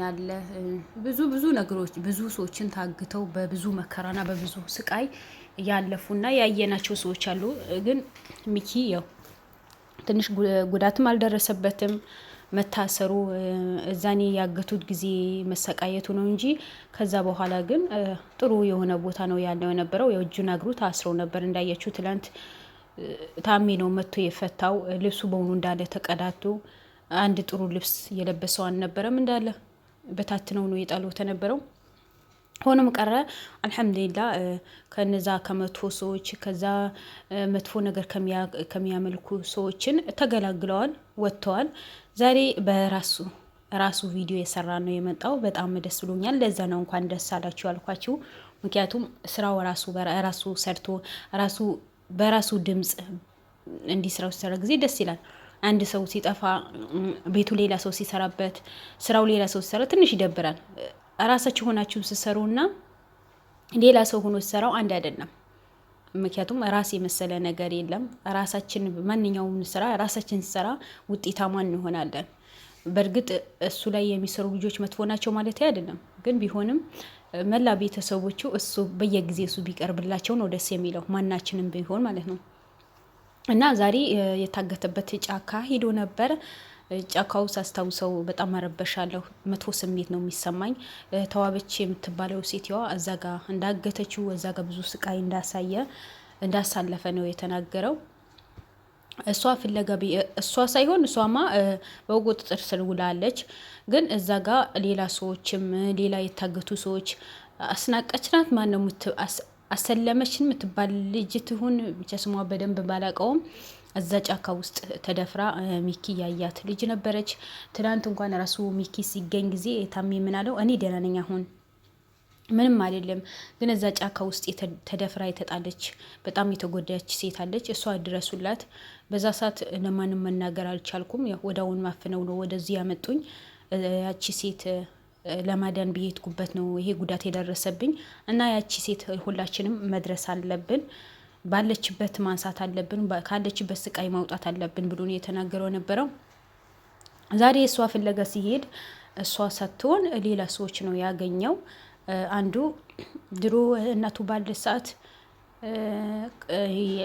ናለ ብዙ ብዙ ነገሮች ብዙ ሰዎችን ታግተው በብዙ መከራና በብዙ ስቃይ ያለፉና ያየናቸው ሰዎች አሉ። ግን ሚኪ ያው ትንሽ ጉዳትም አልደረሰበትም። መታሰሩ እዛኔ ያገቱት ጊዜ መሰቃየቱ ነው እንጂ ከዛ በኋላ ግን ጥሩ የሆነ ቦታ ነው ያለው የነበረው። የእጁን እግሩ ታስረው ነበር እንዳያችሁ። ትላንት ታሜ ነው መጥቶ የፈታው። ልብሱ በሙሉ እንዳለ ተቀዳቶ አንድ ጥሩ ልብስ የለበሰው አልነበረም እንዳለ በታትነው ነው የጣሉት ተነበረው ሆኖም ቀረ አልሐምዱሊላ ከነዛ ከመቶ ሰዎች ከዛ መጥፎ ነገር ከሚያመልኩ ሰዎችን ተገላግለዋል፣ ወጥተዋል። ዛሬ በራሱ ራሱ ቪዲዮ የሰራ ነው የመጣው። በጣም ደስ ብሎኛል። ለዛ ነው እንኳን ደስ አላችሁ ያልኳችሁ። ምክንያቱም ስራው ራሱ ራሱ ሰርቶ ራሱ በራሱ ድምፅ እንዲስራው ሲሰራ ጊዜ ደስ ይላል። አንድ ሰው ሲጠፋ፣ ቤቱ ሌላ ሰው ሲሰራበት፣ ስራው ሌላ ሰው ሲሰራ ትንሽ ይደብራል። ራሳችሁ ሆናችሁ ስትሰሩ እና ሌላ ሰው ሆኖ ሲሰራው አንድ አይደለም። ምክንያቱም ራስ የመሰለ ነገር የለም። ራሳችን ማንኛውም ስራ ራሳችን ስራ ውጤታማ እንሆናለን። በእርግጥ እሱ ላይ የሚሰሩ ልጆች መጥፎ ናቸው ማለት አይደለም። ግን ቢሆንም መላ ቤተሰቦቹ እሱ በየጊዜ እሱ ቢቀርብላቸው ነው ደስ የሚለው ማናችንም ቢሆን ማለት ነው። እና ዛሬ የታገተበት ጫካ ሄዶ ነበር። ጫካው ሳስታውሰው በጣም አረበሻለሁ። መጥፎ ስሜት ነው የሚሰማኝ። ተዋበች የምትባለው ሴትዋ እዛ ጋ እንዳገተችው እዛ ጋ ብዙ ስቃይ እንዳሳየ እንዳሳለፈ ነው የተናገረው። እሷ ፍለጋ እሷ ሳይሆን እሷማ በቁጥጥር ስር ውላለች። ግን እዛ ጋ ሌላ ሰዎችም ሌላ የታገቱ ሰዎች አስናቀች ናት ማን ነው አሰለመችን የምትባል ልጅ ትሁን ብቻ ስሟ በደንብ ባላቀውም እዛ ጫካ ውስጥ ተደፍራ ሚኪ ያያት ልጅ ነበረች። ትናንት እንኳን ራሱ ሚኪ ሲገኝ ጊዜ የታሚ የምናለው እኔ ደህና ነኝ አሁን ምንም አይደለም፣ ግን እዛ ጫካ ውስጥ ተደፍራ የተጣለች በጣም የተጎዳች ሴት አለች። እሷ ድረሱላት። በዛ ሰዓት ለማንም መናገር አልቻልኩም። ወደ አሁን ማፍነው ነው ወደዚህ ያመጡኝ ያቺ ሴት ለማዳን ብዬ ነው ይሄ ጉዳት የደረሰብኝ እና ያቺ ሴት ሁላችንም መድረስ አለብን ባለችበት ማንሳት አለብን፣ ካለችበት ስቃይ ማውጣት አለብን ብሎ የተናገረው ነበረው። ዛሬ እሷ ፍለጋ ሲሄድ እሷ ሳትሆን ሌላ ሰዎች ነው ያገኘው። አንዱ ድሮ እናቱ ባለ ሰዓት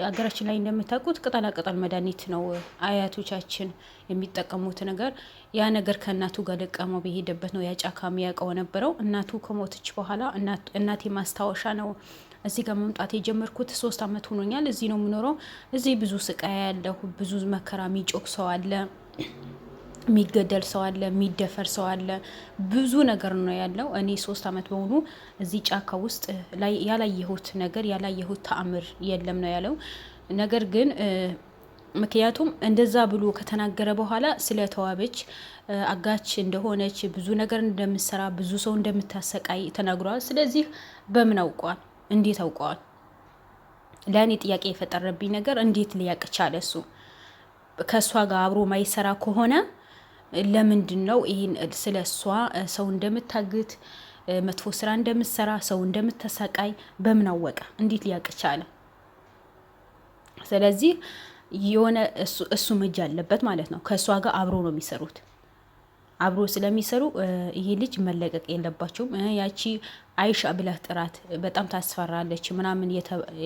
አገራችን ላይ እንደምታውቁት ቅጠላ ቅጠል መድኃኒት ነው አያቶቻችን የሚጠቀሙት ነገር። ያ ነገር ከእናቱ ጋር ለቀመው በሄደበት ነው ያጫካ የሚያውቀው ነበረው። እናቱ ከሞተች በኋላ እናቴ ማስታወሻ ነው እዚህ ጋር መምጣት የጀመርኩት። ሶስት አመት ሆኖኛል። እዚህ ነው የምኖረው። እዚህ ብዙ ስቃይ ያለሁ ብዙ መከራ የሚጮክ ሰው አለ የሚገደል ሰው አለ፣ የሚደፈር ሰው አለ። ብዙ ነገር ነው ያለው። እኔ ሶስት አመት በሆኑ እዚህ ጫካ ውስጥ ያላየሁት ነገር ያላየሁት ተአምር የለም ነው ያለው። ነገር ግን ምክንያቱም እንደዛ ብሎ ከተናገረ በኋላ ስለ ተዋበች አጋች እንደሆነች ብዙ ነገር እንደምትሰራ ብዙ ሰው እንደምታሰቃይ ተናግረዋል። ስለዚህ በምን አውቀዋል? እንዴት አውቀዋል? ለእኔ ጥያቄ የፈጠረብኝ ነገር እንዴት ሊያቅ ቻለ? እሱ ከእሷ ጋር አብሮ ማይሰራ ከሆነ ለምንድን ነው ይህን ስለ እሷ ሰው እንደምታግት መጥፎ ስራ እንደምትሰራ ሰው እንደምተሰቃይ በምን አወቀ? እንዴት ሊያውቅ ቻለ? ስለዚህ የሆነ እሱ እጅ አለበት ማለት ነው። ከእሷ ጋር አብሮ ነው የሚሰሩት። አብሮ ስለሚሰሩ ይሄ ልጅ መለቀቅ የለባቸውም። ያቺ አይሻ ብለህ ጥራት በጣም ታስፈራለች ምናምን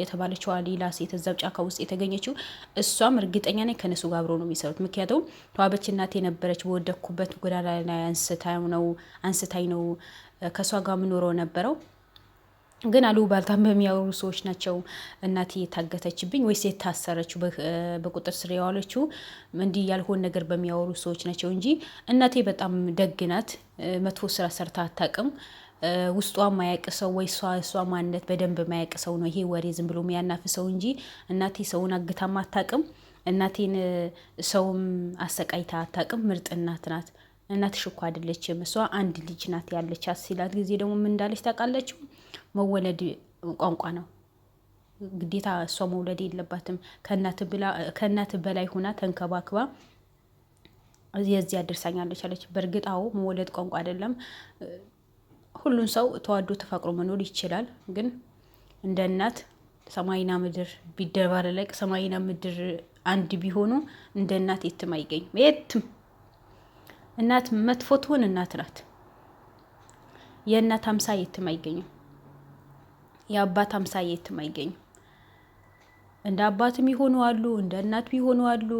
የተባለችዋ ሌላ ሴት እዛው ጫካ ውስጥ የተገኘችው እሷም እርግጠኛ ነኝ ከነሱ ጋር አብሮ ነው የሚሰሩት። ምክንያቱም ተዋበች እናቴ የነበረች በወደኩበት ጎዳና ላይ አንስታኝ ነው ከእሷ ጋር የምኖረው ነበረው ግን ባልታም በሚያወሩ ሰዎች ናቸው። እናቴ የታገተችብኝ ወይስ የታሰረችው በቁጥር ስር የዋለችው እንዲህ ያልሆን ነገር በሚያወሩ ሰዎች ናቸው እንጂ እናቴ በጣም ደግ ናት። መጥፎ ስራ ሰርታ አታውቅም። ውስጧ ማያቅ ሰው ወይ እሷ ማንነት በደንብ ማያቅ ሰው ነው ይሄ ወሬ ዝም ብሎ የሚያናፍ ሰው እንጂ እናቴ ሰውን አግታም አታውቅም። እናቴን ሰውም አሰቃይታ አታውቅም። ምርጥ እናት ናት። እናትሽ እኮ አይደለችም እሷ አንድ ልጅ ናት ያለቻት ሲላት ጊዜ ደግሞ ምን እንዳለች ታውቃላችሁ? መወለድ ቋንቋ ነው። ግዴታ እሷ መውለድ የለባትም። ከእናት በላይ ሆና ተንከባክባ የዚህ አድርሳኛለች አለች። በእርግጥ አዎ መወለድ ቋንቋ አይደለም። ሁሉን ሰው ተዋዶ ተፈቅሮ መኖር ይችላል። ግን እንደ እናት ሰማይና ምድር ቢደባለቅ ሰማይና ምድር አንድ ቢሆኑ እንደ እናት የትም አይገኝም። የትም እናት መጥፎ ትሆን እናት ናት። የእናት አምሳ የትም አይገኝም። የአባት አምሳያ የትም አይገኝም። እንደ አባትም ይሆኑ አሉ፣ እንደ እናትም ይሆኑ አሉ።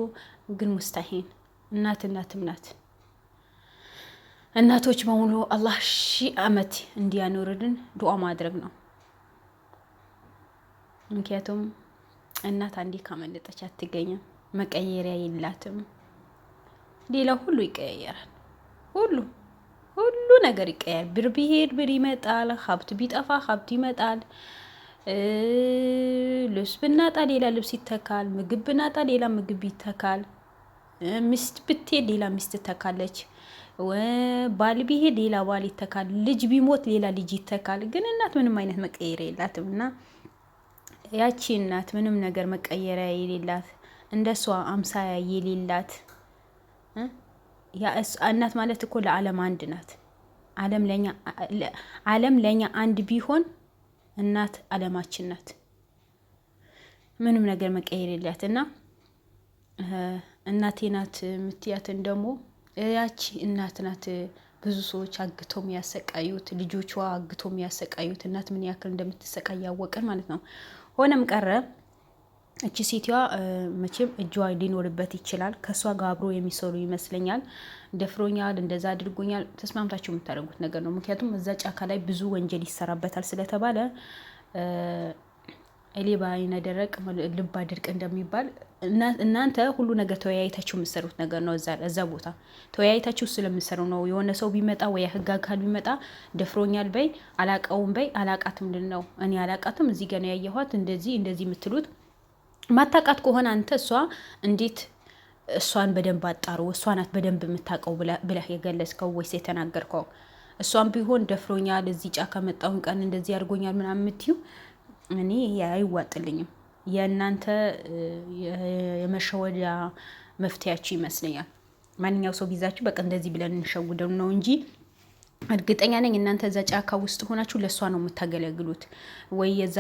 ግን ሙስታሂን እናት እናትም ናት። እናቶች በሙሉ አላህ ሺ አመት እንዲያኖርልን ዱዓ ማድረግ ነው። ምክንያቱም እናት አንዴ ካመለጠች አትገኝም፣ መቀየሪያ የላትም። ሌላ ሁሉ ይቀያየራል ሁሉ ሁሉ ነገር ይቀያል። ብር ቢሄድ ብር ይመጣል። ሀብት ቢጠፋ ሀብት ይመጣል። ልብስ ብናጣ ሌላ ልብስ ይተካል። ምግብ ብናጣ ሌላ ምግብ ይተካል። ሚስት ብትሄድ ሌላ ሚስት ትተካለች። ባል ቢሄድ ሌላ ባል ይተካል። ልጅ ቢሞት ሌላ ልጅ ይተካል። ግን እናት ምንም አይነት መቀየሪያ የላትም እና ያቺ እናት ምንም ነገር መቀየሪያ የሌላት እንደ እሷ አምሳያ የሌላት እናት ማለት እኮ ለዓለም አንድ ናት። ዓለም ለእኛ አንድ ቢሆን እናት ዓለማችን ናት። ምንም ነገር መቀየር የላት እና እናቴ ናት የምትያትን ደግሞ ያቺ እናት ናት። ብዙ ሰዎች አግተው የሚያሰቃዩት ልጆቿ አግተው የሚያሰቃዩት እናት ምን ያክል እንደምትሰቃይ ያወቅን ማለት ነው። ሆነም ቀረ እቺ ሴትዋ መቼም እጅዋ ሊኖርበት ይችላል። ከእሷ ጋር አብሮ የሚሰሩ ይመስለኛል። ደፍሮኛል፣ እንደዛ አድርጎኛል፣ ተስማምታቸው የምታደርጉት ነገር ነው። ምክንያቱም እዛ ጫካ ላይ ብዙ ወንጀል ይሰራበታል ስለተባለ እሌ አይነ ደረቅ ልብ አድርቅ እንደሚባል እናንተ ሁሉ ነገር ተወያይታችሁ የምትሰሩት ነገር ነው። እዛ ቦታ ተወያይታችሁ ስለምሰሩ ነው። የሆነ ሰው ቢመጣ ወይ ህግ አካል ቢመጣ ደፍሮኛል በይ አላቀውም በይ አላቃትም ልን ነው እኔ አላቃትም እዚህ ገና ያየኋት እንደዚህ እንደዚህ የምትሉት ማታቃት ከሆነ አንተ እሷ እንዴት እሷን በደንብ አጣሩ፣ እሷ ናት በደንብ የምታውቀው ብለህ የገለጽከው ወይስ የተናገርከው? እሷም ቢሆን ደፍሮኛል፣ እዚህ ጫካ መጣሁን ቀን እንደዚህ አድርጎኛል ምናምን የምትዩ እኔ አይዋጥልኝም። የእናንተ የመሸወዳ መፍትያችሁ ይመስለኛል። ማንኛው ሰው ቢዛችሁ በቃ እንደዚህ ብለን እንሸውደው ነው እንጂ እርግጠኛ ነኝ እናንተ እዛ ጫካ ውስጥ ሆናችሁ ለእሷ ነው የምታገለግሉት ወይ የዛ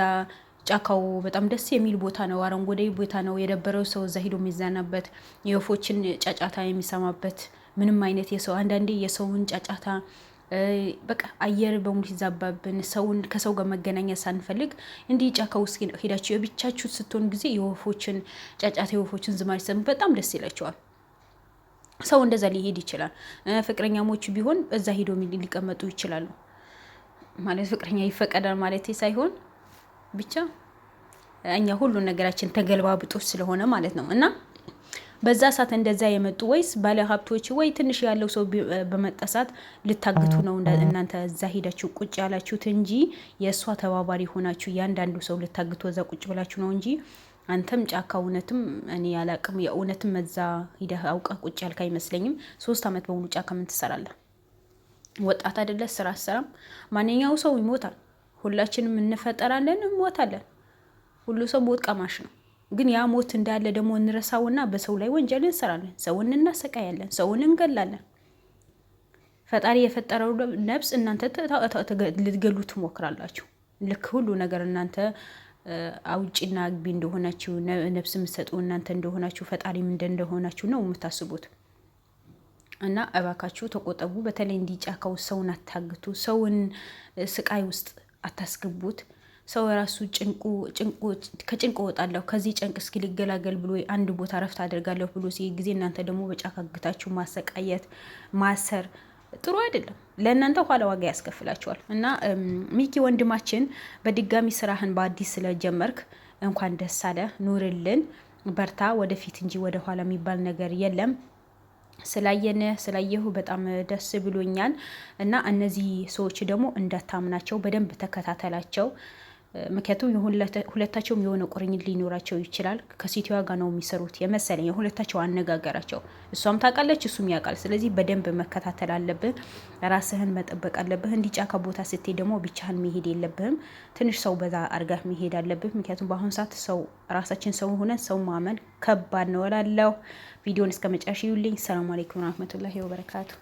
ጫካው በጣም ደስ የሚል ቦታ ነው። አረንጓዴ ቦታ ነው። የደበረው ሰው እዛ ሂዶ የሚዛናበት የወፎችን ጫጫታ የሚሰማበት ምንም አይነት የሰው አንዳንዴ የሰውን ጫጫታ በቃ አየር በሙሉ ሲዛባብን ሰውን ከሰው ጋር መገናኛ ሳንፈልግ እንዲህ ጫካ ውስጥ ሄዳችሁ የብቻችሁ ስትሆን ጊዜ የወፎችን ጫጫታ የወፎችን ዝማሪ ሰሙ በጣም ደስ ይላቸዋል። ሰው እንደዛ ሊሄድ ይችላል። ፍቅረኛሞች ቢሆን እዛ ሄዶ ሊቀመጡ ይችላሉ። ማለት ፍቅረኛ ይፈቀዳል ማለት ሳይሆን ብቻ እኛ ሁሉን ነገራችን ተገልባብጦች ስለሆነ ማለት ነው እና በዛ ሰዓት እንደዛ የመጡ ወይስ ባለ ሀብቶች ወይ ትንሽ ያለው ሰው በመጣ ሰዓት ልታግቱ ነው እናንተ እዛ ሄዳችሁ ቁጭ ያላችሁት እንጂ የእሷ ተባባሪ ሆናችሁ እያንዳንዱ ሰው ልታግቱ እዛ ቁጭ ብላችሁ ነው እንጂ አንተም ጫካ እውነትም እኔ ያላቅም የእውነትም እዛ ሂደህ አውቀህ ቁጭ ያልክ አይመስለኝም። ሶስት አመት በሙሉ ጫካ ምን ትሰራለህ? ወጣት አይደለህ? ስራ አሰራም። ማንኛው ሰው ይሞታል። ሁላችንም እንፈጠራለን፣ እንሞታለን። ሁሉ ሰው ሞት ቀማሽ ነው። ግን ያ ሞት እንዳለ ደግሞ እንረሳውና በሰው ላይ ወንጀል እንሰራለን፣ ሰውን እናሰቃያለን፣ ሰውን እንገላለን። ፈጣሪ የፈጠረው ነፍስ እናንተ ልትገሉ ትሞክራላችሁ። ልክ ሁሉ ነገር እናንተ አውጭና አግቢ እንደሆናችሁ ነፍስ የምትሰጡ እናንተ እንደሆናችሁ ፈጣሪም እንደ እንደሆናችሁ ነው የምታስቡት። እና እባካችሁ ተቆጠቡ። በተለይ እንዲጫካው ሰውን አታግቱ፣ ሰውን ስቃይ ውስጥ አታስገቡት። ሰው የራሱ ከጭንቁ እወጣለሁ ከዚህ ጭንቅ እስኪ ሊገላገል ብሎ አንድ ቦታ ረፍት አደርጋለሁ ብሎ ሲ ጊዜ እናንተ ደግሞ በጫካ ግታችሁ ማሰቃየት ማሰር ጥሩ አይደለም። ለእናንተ ኋላ ዋጋ ያስከፍላቸዋል እና ሚኪ ወንድማችን በድጋሚ ስራህን በአዲስ ስለጀመርክ እንኳን ደስ አለ፣ ኑርልን፣ በርታ። ወደፊት እንጂ ወደኋላ የሚባል ነገር የለም። ስላየነ ስላየሁ በጣም ደስ ብሎኛል እና እነዚህ ሰዎች ደግሞ እንዳታምናቸው በደንብ ተከታተላቸው። ምክንያቱም ሁለታቸውም የሆነ ቁርኝት ሊኖራቸው ይችላል። ከሴትዋ ጋር ነው የሚሰሩት የመሰለኝ የሁለታቸው አነጋገራቸው። እሷም ታውቃለች፣ እሱም ያውቃል። ስለዚህ በደንብ መከታተል አለብህ። ራስህን መጠበቅ አለብህ። እንዲጫካ ቦታ ስትሄድ ደግሞ ብቻህን መሄድ የለብህም። ትንሽ ሰው በዛ አርጋህ መሄድ አለብህ። ምክንያቱም በአሁኑ ሰዓት ሰው ራሳችን ሰው ሆነን ሰው ማመን ከባድ ነው እላለሁ። ቪዲዮን እስከ መጨረሻ ይዩልኝ። ሰላም አለይኩም ረመቱላ ወበረካቱ